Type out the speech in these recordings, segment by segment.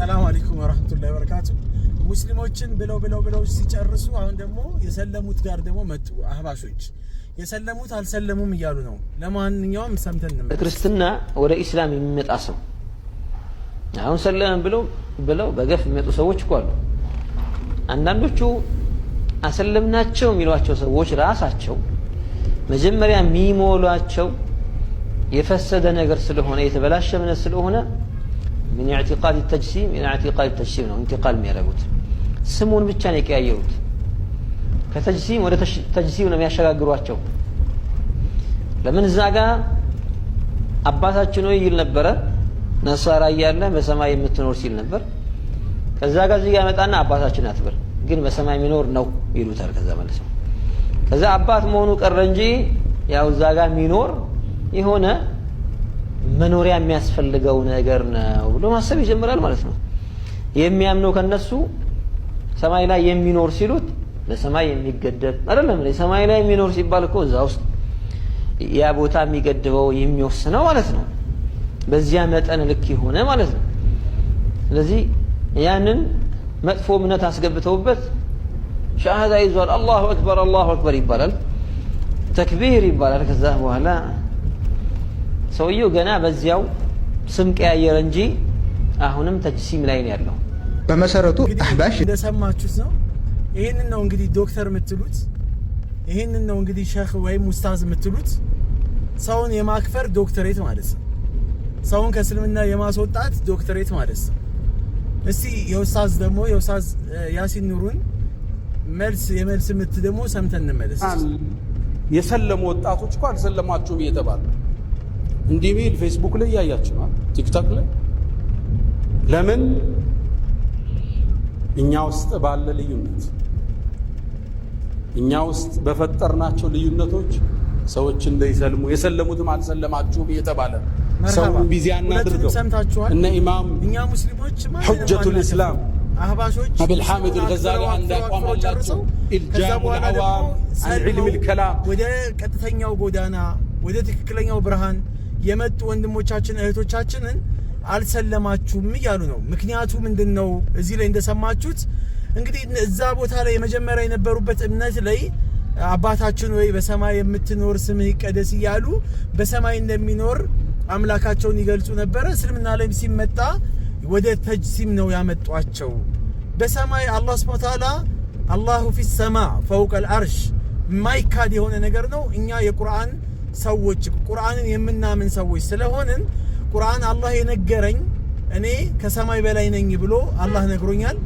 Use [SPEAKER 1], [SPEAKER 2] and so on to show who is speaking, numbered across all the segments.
[SPEAKER 1] ሰላም አለይኩም ወራህመቱላሂ ወበረካቱ። ሙስሊሞችን ብለው ብለው ብለው ሲጨርሱ አሁን ደግሞ የሰለሙት ጋር ደግሞ መጡ አህባሾች። የሰለሙት አልሰለሙም እያሉ ነው። ለማንኛውም ሰምተን እንመለስ።
[SPEAKER 2] ክርስትና ወደ ኢስላም የሚመጣ ሰው አሁን ሰለመን ብለው ብለው በገፍ የሚመጡ ሰዎች እኮ አሉ። አንዳንዶቹ አሰለምናቸው የሚሏቸው ሰዎች ራሳቸው መጀመሪያ የሚሞሏቸው የፈሰደ ነገር ስለሆነ የተበላሸ እምነት ስለሆነ من اعتقاد التجسيم الى اعتقاد التجسيم ነው ኢንቲቃል የሚያደርጉት። ስሙን ብቻ ነው የቀያየሩት። ከተጅሲም تجسيم لم ነው የሚያሸጋግሯቸው። ለምን እዛ ጋር አባታችን ሆይ ይል ነበረ ነሳራ እያለ በሰማይ የምትኖር ሲል ነበር። ከዛ ጋር እዚህ ጋር መጣና አባታችን አትበል ግን በሰማይ የሚኖር ነው ይሉታል። ከዛ ማለት ነው ከዛ አባት መሆኑ ቀረ እንጂ ያው እዛ ጋር የሚኖር የሆነ መኖሪያ የሚያስፈልገው ነገር ነው ብሎ ማሰብ ይጀምራል ማለት ነው። የሚያምነው ከነሱ ሰማይ ላይ የሚኖር ሲሉት ለሰማይ የሚገደብ አይደለም። ሰማይ ላይ የሚኖር ሲባል እኮ እዛ ውስጥ ያ ቦታ የሚገድበው የሚወስነው ማለት ነው። በዚያ መጠን ልክ የሆነ ማለት ነው። ስለዚህ ያንን መጥፎ እምነት አስገብተውበት ሻሃዳ ይዟል። አላሁ አክበር አላሁ አክበር ይባላል፣ ተክቢር ይባላል። ከዛ በኋላ ሰውየው ገና በዚያው ስም ቀያየረ እንጂ አሁንም ተጅሲም ላይ ነው ያለው።
[SPEAKER 3] በመሰረቱ አህባሽ
[SPEAKER 1] እንደሰማችሁት ነው። ይህንን ነው እንግዲህ ዶክተር የምትሉት፣ ይህንን ነው እንግዲህ ሸህ ወይም ሙስታዝ የምትሉት ሰውን የማክፈር ዶክተሬት ማለት ነው። ሰውን ከእስልምና የማስወጣት ዶክተሬት ማለት ነው። እስቲ የውስታዝ ደግሞ የውስታዝ ያሲን ኑሩን መልስ የመልስ ምት ደግሞ ሰምተን እንመለስ።
[SPEAKER 3] የሰለሙ ወጣቶች እኮ አልሰለማችሁም እየተባሉ እንዲህ ቢል ፌስቡክ ላይ እያያችሁ ነው፣ ቲክቶክ ላይ ለምን እኛ ውስጥ ባለ ልዩነት እኛ ውስጥ በፈጠርናቸው ልዩነቶች ሰዎች እንዳይሰልሙ የሰለሙትም አልሰለማችሁም እየተባለ ሰው ቢዚ እናድርገው። እነ ኢማም ሑጀቱል ኢስላም አብል ሐሚድ አልገዛሊ አንድ አቋም አላቸው። ኢልጃሙል አዋም አን ዒልሚል ከላም
[SPEAKER 1] ወደ ቀጥተኛው ጎዳና ወደ ትክክለኛው ብርሃን የመጡ ወንድሞቻችን እህቶቻችንን አልሰለማችሁም እያሉ ነው። ምክንያቱ ምንድን ነው? እዚህ ላይ እንደሰማችሁት እንግዲህ እዛ ቦታ ላይ የመጀመሪያ የነበሩበት እምነት ላይ አባታችን ወይ በሰማይ የምትኖር ስምህ ይቀደስ እያሉ በሰማይ እንደሚኖር አምላካቸውን ይገልጹ ነበረ። እስልምና ላይ ሲመጣ ወደ ተጅሲም ነው ያመጧቸው። በሰማይ አላህ ስብሐ ወተዓላ አላሁ ፊ ሰማ ፈውቀል አርሽ ማይካድ የሆነ ነገር ነው። እኛ የቁርአን ሰዎች ቁርአንን የምናምን ሰዎች ስለሆንን ቁርአን አላህ የነገረኝ እኔ ከሰማይ በላይ ነኝ ብሎ አላህ ነግሮኛል።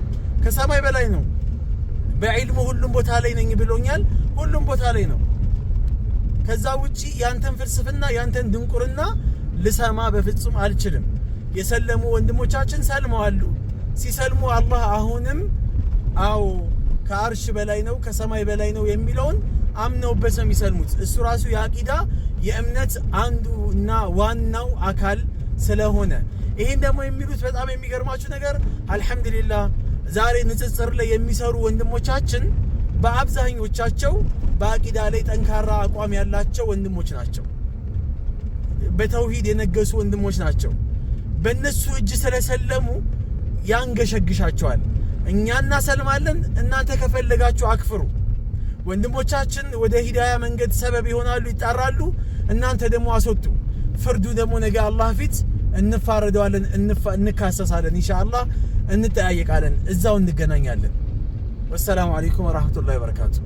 [SPEAKER 1] ከሰማይ በላይ ነው። በዒልሙ ሁሉም ቦታ ላይ ነኝ ብሎኛል። ሁሉም ቦታ ላይ ነው። ከዛ ውጪ ያንተን ፍልስፍና ያንተን ድንቁርና ልሰማ በፍጹም አልችልም። የሰለሙ ወንድሞቻችን ሰልመዋሉ። ሲሰልሙ አላህ አሁንም አዎ ከአርሽ በላይ ነው፣ ከሰማይ በላይ ነው የሚለውን አምነውበት ነው የሚሰልሙት። እሱ ራሱ የአቂዳ የእምነት አንዱ እና ዋናው አካል ስለሆነ ይህን ደግሞ የሚሉት በጣም የሚገርማችሁ ነገር አልሐምዱሊላ ዛሬ ንጽጽር ላይ የሚሰሩ ወንድሞቻችን በአብዛኞቻቸው በአቂዳ ላይ ጠንካራ አቋም ያላቸው ወንድሞች ናቸው። በተውሂድ የነገሱ ወንድሞች ናቸው። በእነሱ እጅ ስለሰለሙ ያንገሸግሻቸዋል። እኛ እናሰልማለን፣ እናንተ ከፈለጋችሁ አክፍሩ። ወንድሞቻችን ወደ ሂዳያ መንገድ ሰበብ ይሆናሉ፣ ይጣራሉ። እናንተ ደግሞ አስወጡ። ፍርዱ ደግሞ ነገ አላህ ፊት እንፋረደዋለን፣ እንካሰሳለን፣ ኢንሻአላህ እንጠያየቃለን፣ እዛው እንገናኛለን። ወሰላሙ አለይኩም ወራህመቱላሂ ወበረካቱ።